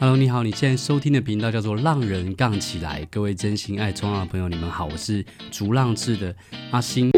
哈嘍，Hello, 你好，你現在收聽的頻道叫做《浪人槓起來》，各位真心愛衝浪的朋友，你們好，我是逐浪誌的阿星。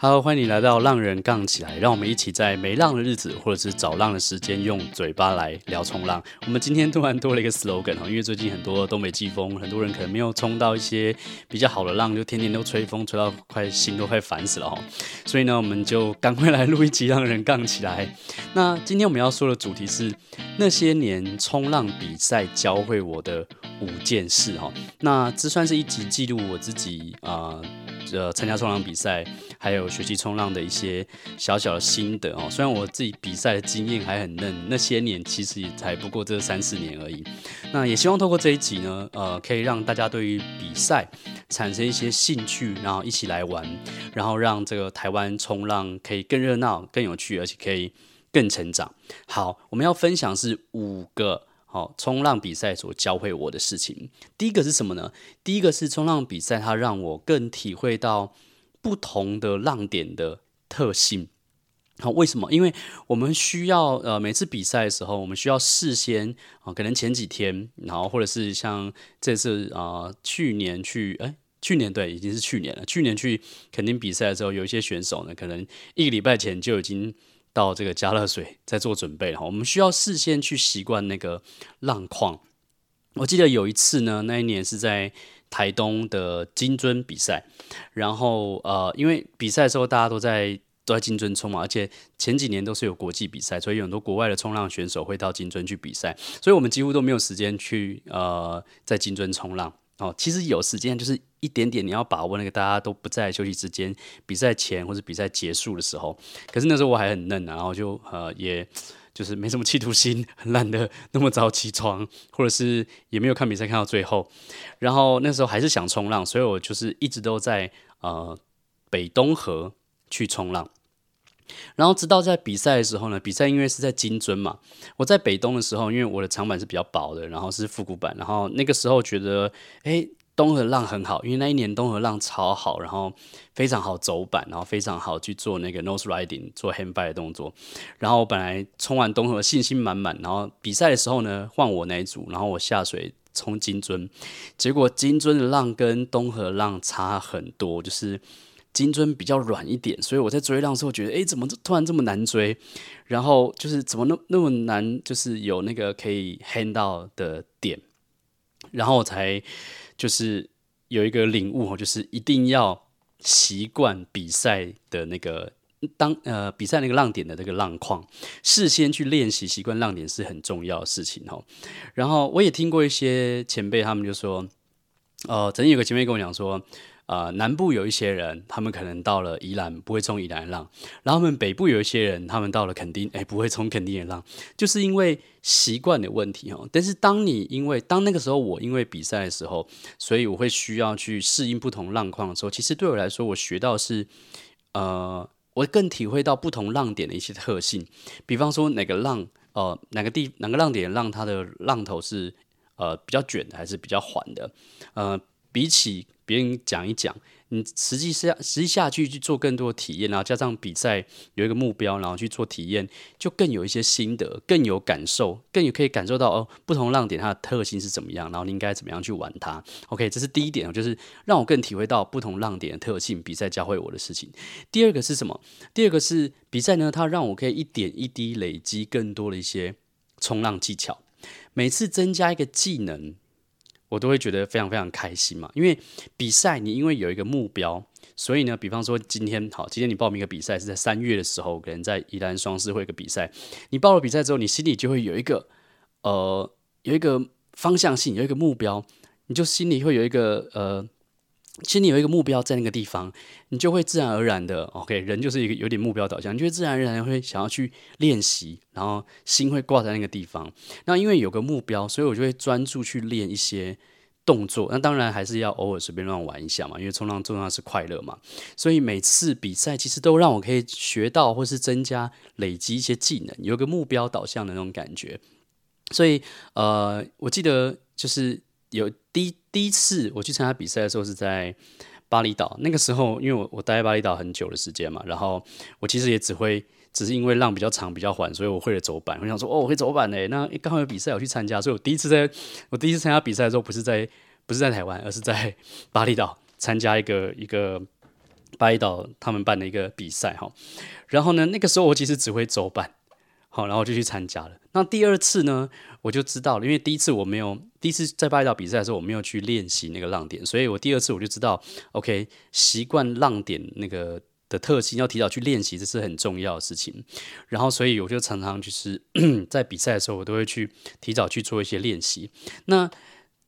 哈嘍，Hello, 歡迎你來到浪人槓起來，讓我們一起在沒浪的日子，或者是找浪的時間，用嘴巴來聊衝浪。我們今天突然多了一個 slogan，因為最近很多東北季風，很多人可能沒有衝到一些比較好的浪，就天天都吹風，吹到快心都快煩死了哈。所以呢，我們就趕快來錄一集浪人槓起來。那今天我們要說的主題是那些年衝浪比賽教會我的五件事哈。那這算是一集記錄我自己啊，呃，呃，參加衝浪比賽。還有學習衝浪的一些小小的心得哦，雖然我自己比賽的經驗還很嫩，那些年其實也才不過這三四年而已。那也希望透過這一集呢，呃，可以讓大家對於比賽產生一些興趣，然後一起來玩，然後讓這個台灣衝浪可以更熱鬧、更有趣，而且可以更成長。好，我們要分享是五個好，哦，衝浪比賽所教會我的事情。第一個是什麼呢？第一個是衝浪比賽，它讓我更體會到。不同的浪點的特性，好，哦，為什麼？因為我們需要呃，每次比賽的時候，我們需要事先啊、呃，可能前幾天，然後或者是像這次啊、呃，去年去，哎，欸，去年對，已經是去年了，去年去墾丁比賽的時候，有一些選手呢，可能一個禮拜前就已經到這個佳樂水在做準備了。我們需要事先去習慣那個浪況。我記得有一次呢，那一年是在台東的金樽比賽，然後呃，因為比賽的時候大家都在都在金樽衝嘛，而且前幾年都是有國際比賽，所以有很多國外的衝浪選手會到金樽去比賽，所以我們幾乎都沒有時間去呃在金樽衝浪哦。其實有時間就是一點點，你要把握那個大家都不在休息之間，比賽前或者比賽結束的時候。可是那時候我還很嫩啊，然後就呃，也。就是沒什麼企圖心，很懶得那麼早起床，或者是也沒有看比賽看到最後。然後那時候還是想衝浪，所以我就是一直都在呃北東河去衝浪。然後直到在比賽的時候呢，比賽因為是在金樽嘛，我在北東的時候，因為我的長板是比較薄的，然後是復古板，然後那個時候覺得誒。東河浪很好，因為那一年東河浪超好，然後非常好走板，然後非常好去做那個 nose riding，做 hand by 的動作。然後我本來衝完東河信心滿滿，然後比賽的時候呢，換我那一組，然後我下水衝金樽，結果金樽的浪跟東河浪差很多，就是金樽比較軟一點，所以我在追浪的時候覺得，哎，怎麼突然這麼難追？然後就是怎麼那那麼難，就是有那個可以 hand 到的點，然後我才。就是有一個領悟哦，就是一定要習慣比賽的那個當呃比賽那個浪點的那個浪況，事先去練習習慣浪點是很重要的事情哦。然後我也聽過一些前輩，他們就說，呃，曾經有個前輩跟我講說。呃，南部有一些人，他們可能到了宜蘭不會衝宜蘭浪，然後我們北部有一些人，他們到了墾丁，誒，不會衝墾丁的浪，就是因為習慣的問題哦。但是當你因為當那個時候我因為比賽的時候，所以我會需要去適應不同浪況的時候，其實對我來說，我學到是，呃，我更體會到不同浪點的一些特性，比方說哪個浪，呃，哪個地哪個浪點浪，它的浪頭是呃比較捲的，還是比較緩的，呃。比起別人講一講，你實際下實際下去去做更多的體驗，然後加上比賽有一個目標，然後去做體驗，就更有一些心得，更有感受，更有可以感受到哦，不同的浪點它的特性是怎麼樣，然後你應該怎麼樣去玩它。OK，這是第一點哦，就是讓我更體會到不同浪點的特性。比賽教會我的事情。第二個是什麼？第二個是比賽呢，它讓我可以一點一滴累積更多的一些衝浪技巧，每次增加一個技能。我都會覺得非常非常開心嘛，因為比賽你因為有一個目標，所以呢，比方說今天好，今天你報名一個比賽是在三月的時候，可能在宜蘭雙獅會一個比賽，你報了比賽之後，你心裡就會有一個呃，有一個方向性，有一個目標，你就心裡會有一個呃。其實你有一個目標在那個地方，你就會自然而然的 OK，人就是一個有點目標導向，你就會自然而然會想要去練習，然後心會掛在那個地方。那因為有個目標，所以我就會專注去練一些動作。那當然還是要偶爾隨便亂玩一下嘛，因為衝浪重要是快樂嘛。所以每次比賽其實都讓我可以學到或是增加累積一些技能，有個目標導向的那種感覺。所以呃，我記得就是有第一。第一次我去參加比賽的時候是在巴厘島，那個時候因為我我待在巴厘島很久的時間嘛，然後我其實也只會只是因為浪比較長比較緩，所以我會了走板。我想說哦我會走板嘞、欸，那剛好有比賽我去參加，所以我第一次在我第一次參加比賽的時候不是在不是在台灣，而是在巴厘島參加一個一個巴厘島他們辦的一個比賽哈。然後呢，那個時候我其實只會走板，好，然後就去參加了。那第二次呢，我就知道了，因為第一次我沒有。第一次在巴厘島比賽的時候，我沒有去練習那個浪點，所以我第二次我就知道，OK，習慣浪點那個的特性要提早去練習，這是很重要的事情。然後，所以我就常常就是 在比賽的時候，我都會去提早去做一些練習。那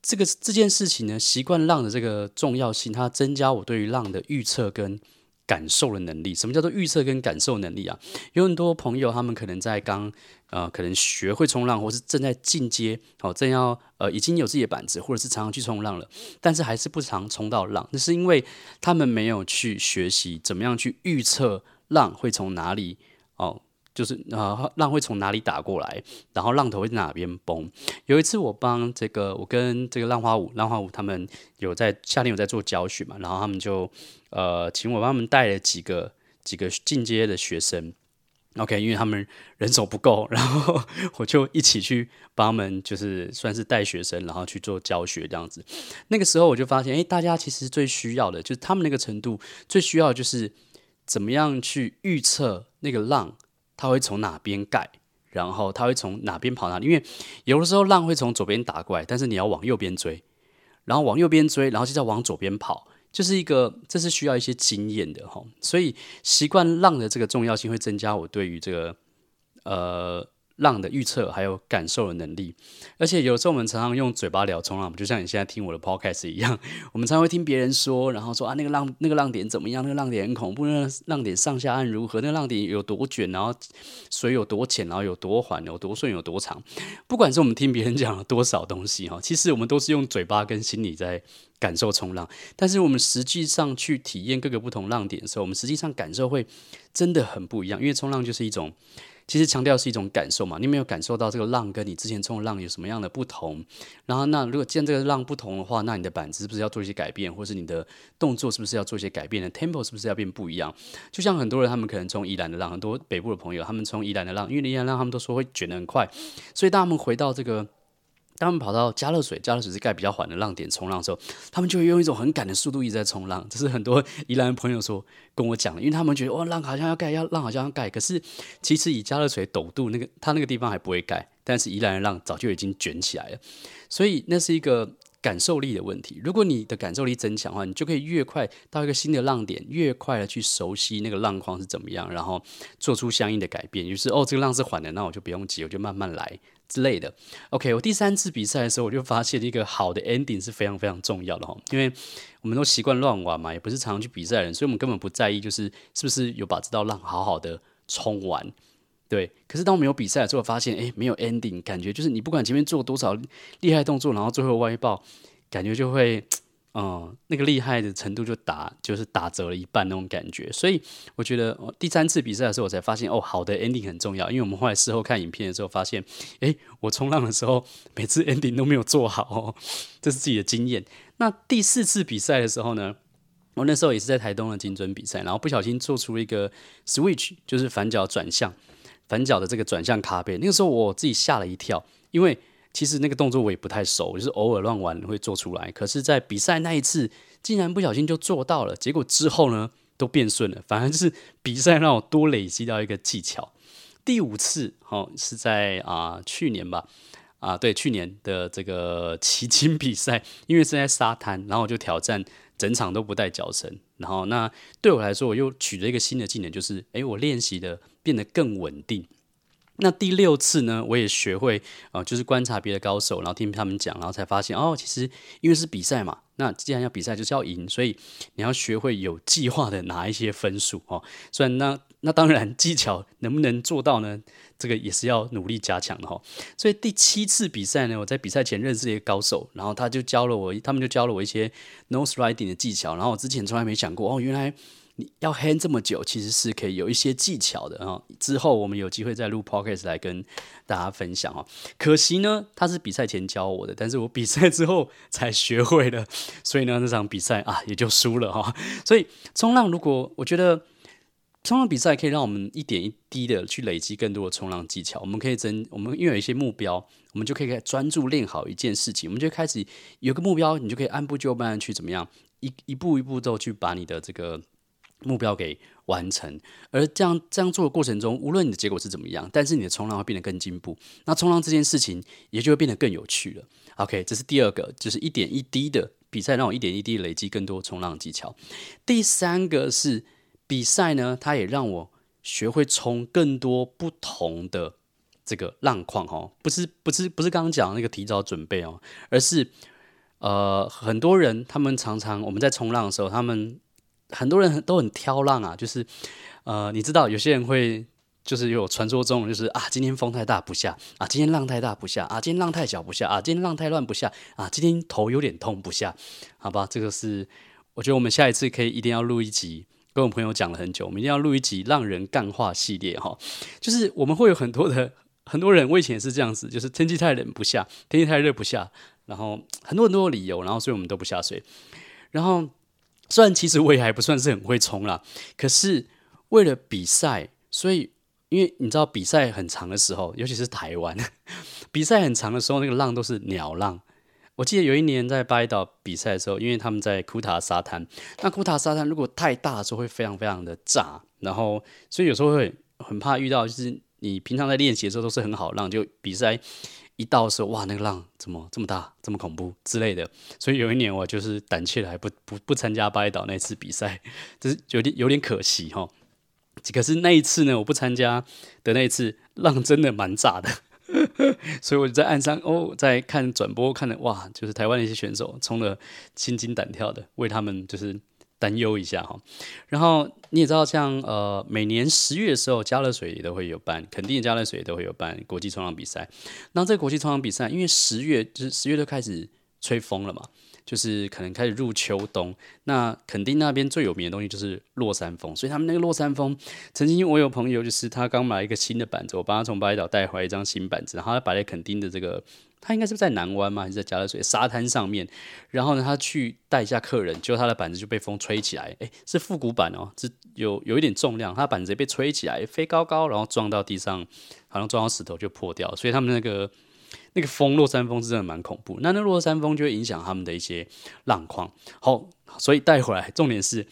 這個這件事情呢，習慣浪的這個重要性，它增加我對於浪的預測跟。感受的能力。什麼叫做預測跟感受能力啊？有很多朋友，他們可能在剛，呃，可能學會衝浪，或是正在進階，哦，正要，呃，已經有自己的板子，或者是常常去衝浪了，但是還是不常衝到浪，那是因為他們沒有去學習怎麼樣去預測浪會從哪裡，哦。就是啊，浪會從哪裡打過來，然後浪頭會在哪邊崩。有一次，我幫這個，我跟這個浪花舞、浪花舞他們有在夏天有在做教學嘛，然後他們就呃，請我幫他們帶了幾個幾個進階的學生，OK，因為他們人手不夠，然後我就一起去幫他們，就是算是帶學生，然後去做教學這樣子。那個時候我就發現，誒，大家其實最需要的，就是他們那個程度最需要就是怎麼樣去預測那個浪。他會從哪邊蓋，然後他會從哪邊跑？哪裡？因為有的時候浪會從左邊打過來，但是你要往右邊追，然後往右邊追，然後就再往左邊跑，就是一個，這是需要一些經驗的吼、哦，所以習慣浪的這個重要性會增加我對於這個，呃。浪的預測還有感受的能力，而且有時候我們常常用嘴巴聊衝浪，就像你現在聽我的 podcast 一樣，我們常會聽別人說，然後說啊，那個浪那個浪點怎麼樣？那個浪點很恐怖，那個浪點上下岸如何？那個浪點有多捲？然後水有多淺？然後有多緩？有多順？有多長？不管是我們聽別人講了多少東西哈，其實我們都是用嘴巴跟心裡在感受衝浪，但是我們實際上去體驗各個不同浪點的時候，我們實際上感受會真的很不一樣，因為衝浪就是一種。其實強調是一種感受嘛，你沒有感受到這個浪跟你之前衝的浪有什麼樣的不同，然後那如果見這個浪不同的話，那你的板子是不是要做一些改變，或是你的動作是不是要做一些改變呢？Tempo 是不是要變不一樣？就像很多人他們可能沖宜蘭的浪，很多北部的朋友他們沖宜蘭的浪，因為宜蘭浪他們都說會捲得很快，所以當他們回到這個。他們跑到佳樂水，佳樂水是蓋比較緩的浪點，衝浪的時候，他們就會用一種很趕的速度一直在衝浪。這是很多宜蘭的朋友說跟我講的，因為他們覺得哇，浪好像要蓋，要浪好像要蓋。可是其實以佳樂水陡度那個，他那個地方還不會蓋，但是宜蘭的浪早就已經捲起來了。所以那是一個感受力的問題。如果你的感受力增強的話，你就可以越快到一個新的浪點，越快的去熟悉那個浪況是怎麼樣，然後做出相應的改變。於、就是哦，這個浪是緩的，那我就不用急，我就慢慢來。之類的，OK，我第三次比賽的時候，我就發現一個好的 ending 是非常非常重要的，因為我們都習慣亂玩嘛，也不是常常去比賽的人，所以我們根本不在意就是是不是有把這道浪好好的沖完，對。可是當我沒有比賽的時候，發現誒、欸，沒有 ending，感覺就是你不管前面做多少厲害的動作，然後最後外爆，感覺就會。哦、嗯，那個厲害的程度就打就是打折了一半那種感覺，所以我覺得、哦、第三次比賽的時候，我才發現哦，好的 ending 很重要。因為我們後來事後看影片的時候，發現，哎，我衝浪的時候每次 ending 都沒有做好、哦，這是自己的經驗。那第四次比賽的時候呢，我那時候也是在台東的金樽比賽，然後不小心做出了一個 switch，就是反腳轉向，反腳的這個轉向卡背，那個時候我自己嚇了一跳，因為。其實那個動作我也不太熟，就是偶爾亂玩會做出來。可是，在比賽那一次，竟然不小心就做到了。結果之後呢，都變順了。反而就是比賽讓我多累積到一個技巧。第五次，哦，是在啊、呃、去年吧，啊、呃、對，去年的這個騎行比賽，因為是在沙灘，然後我就挑戰整場都不帶腳繩。然後那對我來說，我又取得一個新的技能，就是誒，我練習的變得更穩定。那第六次呢，我也學會，呃，就是觀察別的高手，然後聽他們講，然後才發現，哦，其實因為是比賽嘛，那既然要比賽，就是要贏，所以你要學會有計劃的拿一些分數，哦，雖然那那當然技巧能不能做到呢，這個也是要努力加強的哈，哦。所以第七次比賽呢，我在比賽前認識了一個高手，然後他就教了我，他們就教了我一些 nose riding 的技巧，然後我之前從來沒想過，哦，原來。要 hang 這麼久，其實是可以有一些技巧的啊、哦。之後我們有機會再錄 podcast 來跟大家分享哦。可惜呢，他是比賽前教我的，但是我比賽之後才學會的。所以呢，那場比賽啊也就輸了哈、哦。所以衝浪，如果我覺得衝浪比賽可以讓我們一點一滴的去累積更多的衝浪技巧，我們可以增我們，因為有一些目標，我們就可以專注練好一件事情。我們就開始有個目標，你就可以按部就班去怎麼樣一一步一步都去把你的這個。目標給完成，而這樣這樣做的過程中，無論你的結果是怎麼樣，但是你的衝浪會變得更進步。那衝浪這件事情也就會變得更有趣了。OK，這是第二個，就是一點一滴的比賽讓我一點一滴的累積更多衝浪技巧。第三個是比賽呢，它也讓我學會衝更多不同的這個浪況。哦，不是不是不是剛剛講那個提早準備哦，而是呃，很多人他們常常我們在衝浪的時候，他們。很多人都很挑浪啊，就是，呃，你知道有些人會，就是有傳說中，就是啊，今天風太大不下，啊，今天浪太大不下，啊，今天浪太小不下，啊，今天浪太亂不下，啊，今天頭有點痛不下，好吧，這個是我覺得我們下一次可以一定要錄一集，跟我朋友講了很久，我們一定要錄一集浪人幹話系列哈、哦，就是我們會有很多的很多人，我以前是這樣子，就是天氣太冷不下，天氣太熱不下，然後很多很多的理由，然後所以我們都不下水，然後。雖然其實我也還不算是很會衝浪，可是為了比賽，所以因為你知道比賽很長的時候，尤其是台灣，比賽很長的時候，那個浪都是鳥浪。我記得有一年在巴厘島比賽的時候，因為他們在庫塔沙灘，那庫塔沙灘如果太大的時候會非常非常的炸，然後所以有時候會很怕遇到，就是你平常在練習的時候都是很好浪，就比賽。一到的時候，哇，那個浪怎麼這麼大、這麼恐怖之類的？所以有一年我就是膽怯還不不不參加巴厘島那次比賽，就是有點有點可惜哈。可是那一次呢，我不參加的那一次，浪真的蠻炸的， 所以我就在岸上哦，在看轉播看，看的哇，就是台灣那些選手衝的，心驚膽跳的，為他們就是。擔憂一下哈，然後你也知道像，像呃，每年十月的時候，佳樂水也都會有辦，肯定佳樂水都會有辦國際衝浪比賽。那這國際衝浪比賽，因為十月就是十月就開始吹風了嘛。就是可能開始入秋冬，那墾丁那邊最有名的東西就是落山風，所以他們那個落山風，曾經我有朋友，就是他剛買一個新的板子，我幫他從巴厘島帶回來一張新板子，然後他擺在墾丁的這個，他應該是不是在南灣嘛，還是在佳樂水沙灘上面，然後呢，他去帶一下客人，結果他的板子就被風吹起來，誒，是復古板哦，是有有一點重量，他的板子被吹起來，飛高高，然後撞到地上，好像撞到石頭就破掉了，所以他們那個。那個風，落山風是真的蠻恐怖。那那落山風就會影響他們的一些浪況。好，所以帶回來重點是，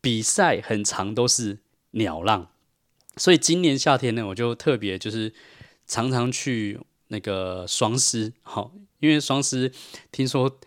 比賽很常都是鳥浪。所以今年夏天呢，我就特別就是常常去那個雙獅。好，因為雙獅聽說。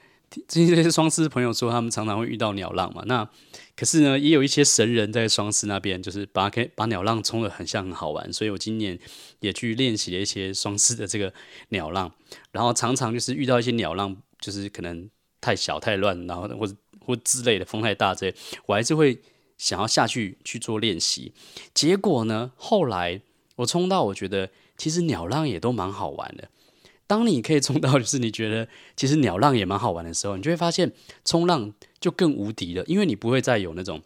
最近這些雙獅朋友說，他們常常會遇到鳥浪嘛。那可是呢，也有一些神人在雙獅那邊，就是把可以把鳥浪衝得很像很好玩。所以我今年也去練習了一些雙獅的這個鳥浪，然後常常就是遇到一些鳥浪，就是可能太小太亂，然後或者或之類的風太大這些，我還是會想要下去去做練習。結果呢，後來我衝到，我覺得其實鳥浪也都蠻好玩的。當你可以衝到，就是你覺得其實鳥浪也蠻好玩的時候，你就會發現衝浪就更無敵了，因為你不會再有那種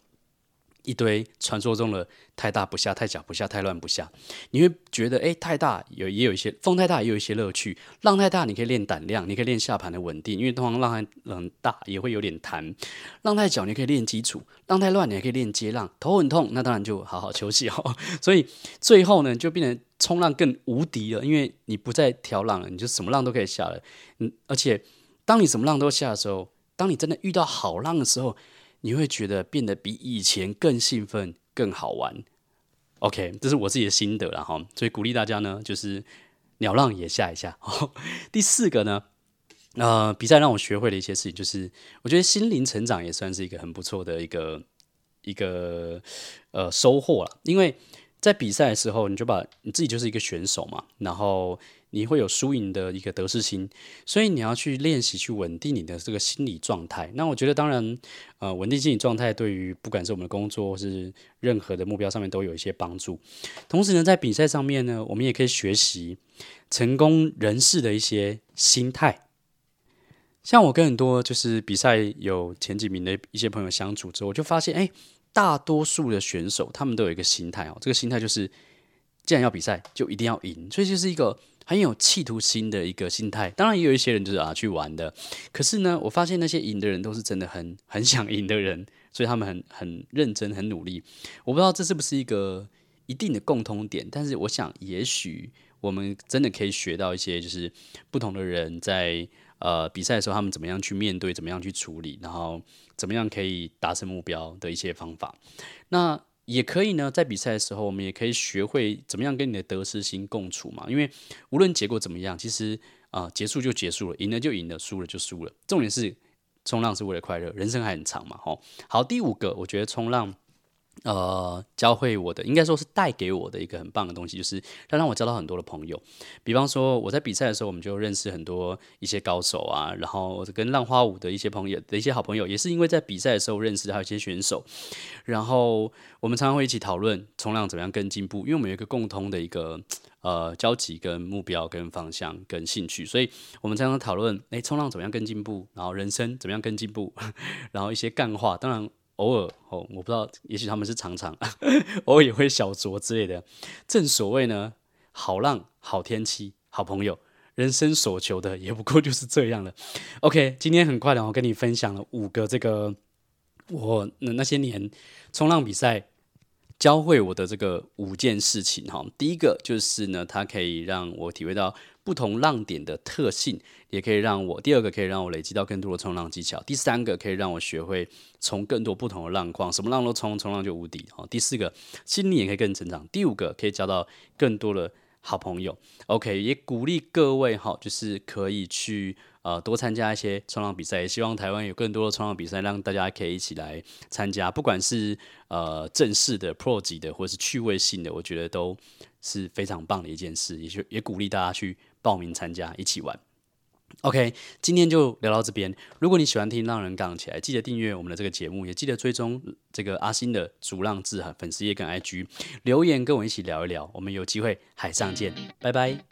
一堆傳說中的太大不下、太小不下、太亂不下。你會覺得，哎，太大有也有一些風太大也有一些樂趣，浪太大你可以練膽量，你可以練下盤的穩定，因為通常浪很大也會有點彈。浪太小你可以練基礎，浪太亂你還可以練接浪。頭很痛，那當然就好好休息哦。所以最後呢，就變成。衝浪更無敵了，因為你不再挑浪了，你就什麼浪都可以下了。嗯，而且當你什麼浪都下的時候，當你真的遇到好浪的時候，你會覺得變得比以前更興奮、更好玩。OK，這是我自己的心得了哈，所以鼓勵大家呢，就是鳥浪也下一下呵呵。第四個呢，呃，比賽讓我學會了一些事情，就是我覺得心靈成長也算是一個很不錯的一個一個呃收穫了，因為。在比賽的時候，你就把你自己就是一個選手嘛，然後你會有輸贏的一個得失心，所以你要去練習去穩定你的這個心理狀態。那我覺得，當然，呃，穩定心理狀態對於不管是我們的工作或是任何的目標上面都有一些幫助。同時呢，在比賽上面呢，我們也可以學習成功人士的一些心態。像我跟很多就是比賽有前幾名的一些朋友相處之後，我就發現，哎。大多數的選手，他們都有一個心態哦，這個心態就是，既然要比賽，就一定要贏，所以就是一個很有企圖心的一個心態。當然，也有一些人就是啊去玩的，可是呢，我發現那些贏的人都是真的很很想贏的人，所以他們很很認真、很努力。我不知道這是不是一個一定的共通點，但是我想，也許我們真的可以學到一些，就是不同的人在。呃，比賽的時候他們怎麼樣去面對，怎麼樣去處理，然後怎麼樣可以達成目標的一些方法。那也可以呢，在比賽的時候，我們也可以學會怎麼樣跟你的得失心共處嘛。因為無論結果怎麼樣，其實啊，呃，結束就結束了，贏了就贏了，輸了就輸了。重點是衝浪是為了快樂，人生還很長嘛，吼。好，第五個，我覺得衝浪。呃，教會我的應該說是帶給我的一個很棒的東西，就是它讓我交到很多的朋友。比方說，我在比賽的時候，我們就認識很多一些高手啊，然後跟浪花舞的一些朋友的一些好朋友，也是因為在比賽的時候認識，還有一些選手。然後我們常常會一起討論衝浪怎麼樣更進步，因為我們有一個共通的一個呃交集、跟目標、跟方向、跟興趣，所以我們常常討論：誒，衝浪怎麼樣更進步？然後人生怎麼樣更進步？然後一些幹話，當然。偶爾哦，我不知道，也許他們是常常，偶爾也會小酌之類的。正所謂呢，好浪、好天氣、好朋友，人生所求的也不過就是這樣了。OK，今天很快的，我跟你分享了五個這個我那那些年衝浪比賽教會我的這個五件事情哈。第一個就是呢，它可以讓我體會到。不同浪點的特性，也可以讓我第二個可以讓我累積到更多的衝浪技巧，第三個可以讓我學會從更多不同的浪況，什麼浪都衝，衝浪就無敵。好，第四個心理也可以更成長，第五個可以交到更多的好朋友。OK，也鼓勵各位哈，就是可以去呃多參加一些衝浪比賽，也希望台灣有更多的衝浪比賽，讓大家可以一起來參加，不管是呃正式的 Pro 級的，或是趣味性的，我覺得都是非常棒的一件事，也也鼓勵大家去。報名參加，一起玩。OK，今天就聊到這邊。如果你喜歡聽浪人槓起來，記得訂閱我們的這個節目，也記得追蹤這個阿星的逐浪誌哈粉絲頁跟 IG 留言，跟我一起聊一聊。我們有機會海上見，拜拜。